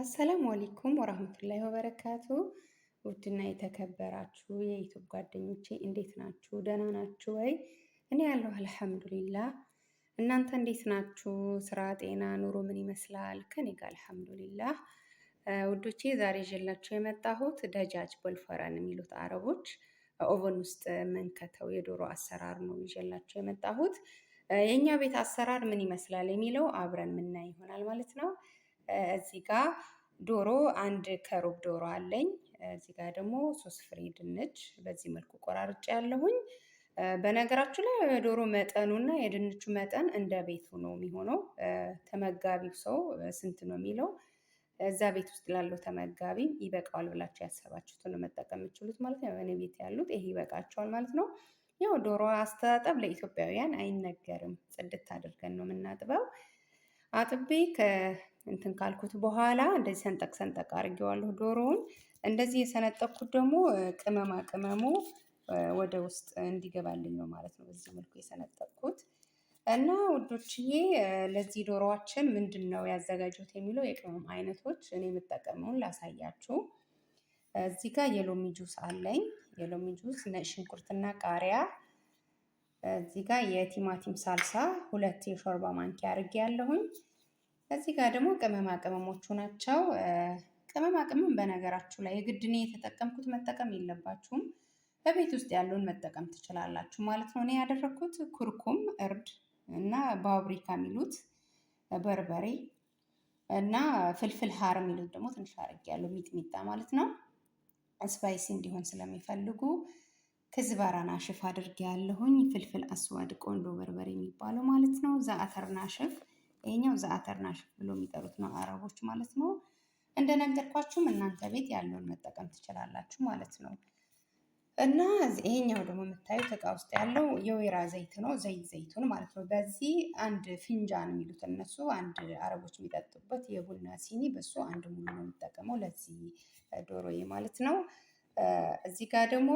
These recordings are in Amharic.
አሰላሙ አለይኩም ወራህመቱላሂ ወበረካቱ። ውድና የተከበራችሁ የዩቱብ ጓደኞቼ እንዴት ናችሁ? ደህና ናችሁ ወይ? እኔ ያለሁ አልሐምዱሊላ እናንተ እንዴት ናችሁ? ስራ፣ ጤና፣ ኑሮ ምን ይመስላል? ከኔ ጋር አልሐምዱሊላ ውዶቼ ዛሬ ይዤላችሁ የመጣሁት ደጃጅ ቦልፈረን የሚሉት አረቦች ኦቨን ውስጥ መንከተው የዶሮ አሰራር ነው ይዤላችሁ የመጣሁት። የእኛ ቤት አሰራር ምን ይመስላል የሚለው አብረን ምናይ ይሆናል ማለት ነው። እዚህ ጋር ዶሮ አንድ ከሩብ ዶሮ አለኝ። እዚህ ጋር ደግሞ ሶስት ፍሬ ድንች በዚህ መልኩ ቆራርጬ ያለሁኝ። በነገራችሁ ላይ የዶሮ መጠኑና የድንቹ መጠን እንደ ቤቱ ነው የሚሆነው። ተመጋቢው ሰው ስንት ነው የሚለው እዛ ቤት ውስጥ ላለው ተመጋቢ ይበቃዋል ብላችሁ ያሰባችሁትን ነው መጠቀም የምችሉት ማለት ነው። እኔ ቤት ያሉት ይሄ ይበቃቸዋል ማለት ነው። ያው ዶሮ አስተጣጠብ ለኢትዮጵያውያን አይነገርም። ጽድት አድርገን ነው የምናጥበው። አጥቤ እንትን ካልኩት በኋላ እንደዚህ ሰንጠቅ ሰንጠቅ አድርጌዋለሁ ዶሮውን። እንደዚህ የሰነጠቅኩት ደግሞ ቅመማ ቅመሙ ወደ ውስጥ እንዲገባልኝ ነው ማለት ነው። በዚህ መልኩ የሰነጠቅኩት እና ውዶችዬ፣ ለዚህ ዶሮዋችን ምንድን ነው ያዘጋጁት የሚለው የቅመም አይነቶች እኔ የምጠቀመውን ላሳያችሁ። እዚህ ጋር የሎሚ ጁስ አለኝ። የሎሚ ጁስ፣ ነጭ ሽንኩርትና ቃሪያ፣ እዚህ ጋር የቲማቲም ሳልሳ ሁለት የሾርባ ማንኪያ አድርጌ ያለሁኝ እዚህ ጋር ደግሞ ቅመማ ቅመሞቹ ናቸው። ቅመማ ቅመም በነገራችሁ ላይ የግድ እኔ የተጠቀምኩት መጠቀም የለባችሁም። በቤት ውስጥ ያለውን መጠቀም ትችላላችሁ ማለት ነው። እኔ ያደረግኩት ኩርኩም፣ እርድ እና ባብሪካ የሚሉት በርበሬ እና ፍልፍል ሀር የሚሉት ደግሞ ትንሽ አርግ ያለው ሚጥሚጣ ማለት ነው። ስፓይሲ እንዲሆን ስለሚፈልጉ ከዝባራና ሽፍ አድርጌ ያለሁኝ ፍልፍል አስዋድ ቆንዶ በርበሬ የሚባለው ማለት ነው። ዛ አተርና ሽፍ ይሄኛው ዘአተር ብሎ የሚጠሩት ነው አረቦች ማለት ነው። እንደነገርኳችሁም እናንተ ቤት ያለውን መጠቀም ትችላላችሁ ማለት ነው። እና ይሄኛው ደግሞ የምታዩት እቃ ውስጥ ያለው የወይራ ዘይት ነው። ዘይ ዘይቱን ማለት ነው። በዚህ አንድ ፊንጃን የሚሉት እነሱ አንድ አረቦች የሚጠጡበት የቡና ሲኒ በሱ አንድ ሙሉ ነው የሚጠቀመው ለዚህ ዶሮዬ ማለት ነው። እዚህ ጋር ደግሞ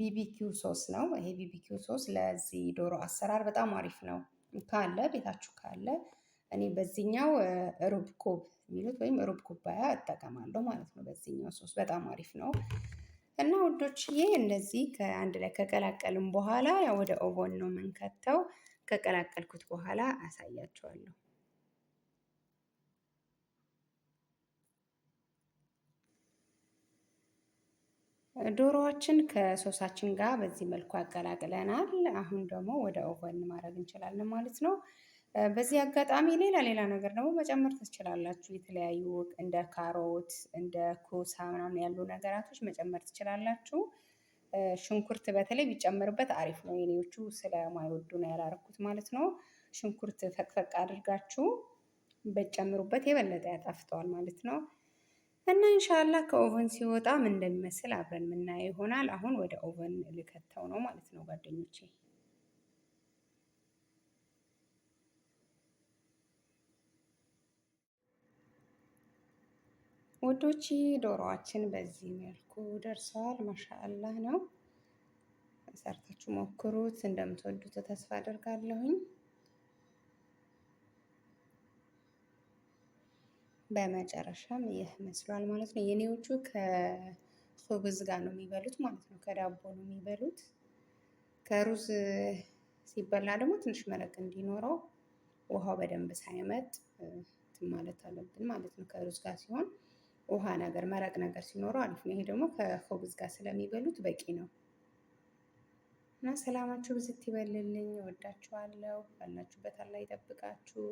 ቢቢኪው ሶስ ነው። ይሄ ቢቢኪው ሶስ ለዚህ ዶሮ አሰራር በጣም አሪፍ ነው። ካለ ቤታችሁ ካለ እኔ በዚህኛው ሩብ ኩብ የሚሉት ወይም ሩብ ኩባያ እጠቀማለሁ ማለት ነው። በዚህኛው ሶስት በጣም አሪፍ ነው እና ውዶችዬ እንደዚህ ከአንድ ላይ ከቀላቀልም በኋላ ወደ ኦቨን ነው የምንከተው። ከቀላቀልኩት በኋላ አሳያቸዋለሁ። ዶሮዎችን ከሶሳችን ጋር በዚህ መልኩ አቀላቅለናል። አሁን ደግሞ ወደ ኦቨን ማድረግ እንችላለን ማለት ነው። በዚህ አጋጣሚ ሌላ ሌላ ነገር ደግሞ መጨመር ትችላላችሁ። የተለያዩ እንደ ካሮት እንደ ኮሳ ምናምን ያሉ ነገራቶች መጨመር ትችላላችሁ። ሽንኩርት በተለይ ቢጨመርበት አሪፍ ነው። የኔዎቹ ስለማይወዱ ነው ያላረኩት ማለት ነው። ሽንኩርት ፈቅፈቅ አድርጋችሁ በጨምሩበት የበለጠ ያጣፍጠዋል ማለት ነው። እና እንሻላ ከኦቨን ሲወጣ ምን እንደሚመስል አብረን የምናየው ይሆናል። አሁን ወደ ኦቨን ልከተው ነው ማለት ነው ጓደኞቼ። ውዶች ዶሮዋችን በዚህ መልኩ ደርሰዋል። ማሻአላህ ነው። ሰርታችሁ ሞክሩት። እንደምትወዱት ተስፋ አደርጋለሁኝ። በመጨረሻም ይህ መስሏል ማለት ነው። የኔዎቹ ከኩብዝ ጋር ነው የሚበሉት ማለት ነው። ከዳቦ ነው የሚበሉት። ከሩዝ ሲበላ ደግሞ ትንሽ መረቅ እንዲኖረው ውሃው በደንብ ሳይመጥ ማለት አለብን ማለት ነው። ከሩዝ ጋር ሲሆን ውሃ ነገር መረቅ ነገር ሲኖረው አሪፍ ነው። ይሄ ደግሞ ከሆብዝ ጋር ስለሚበሉት በቂ ነው። እና ሰላማችሁ ብዝት ይበልልኝ። እወዳችኋለሁ። ባላችሁበት አላህ ይጠብቃችሁ።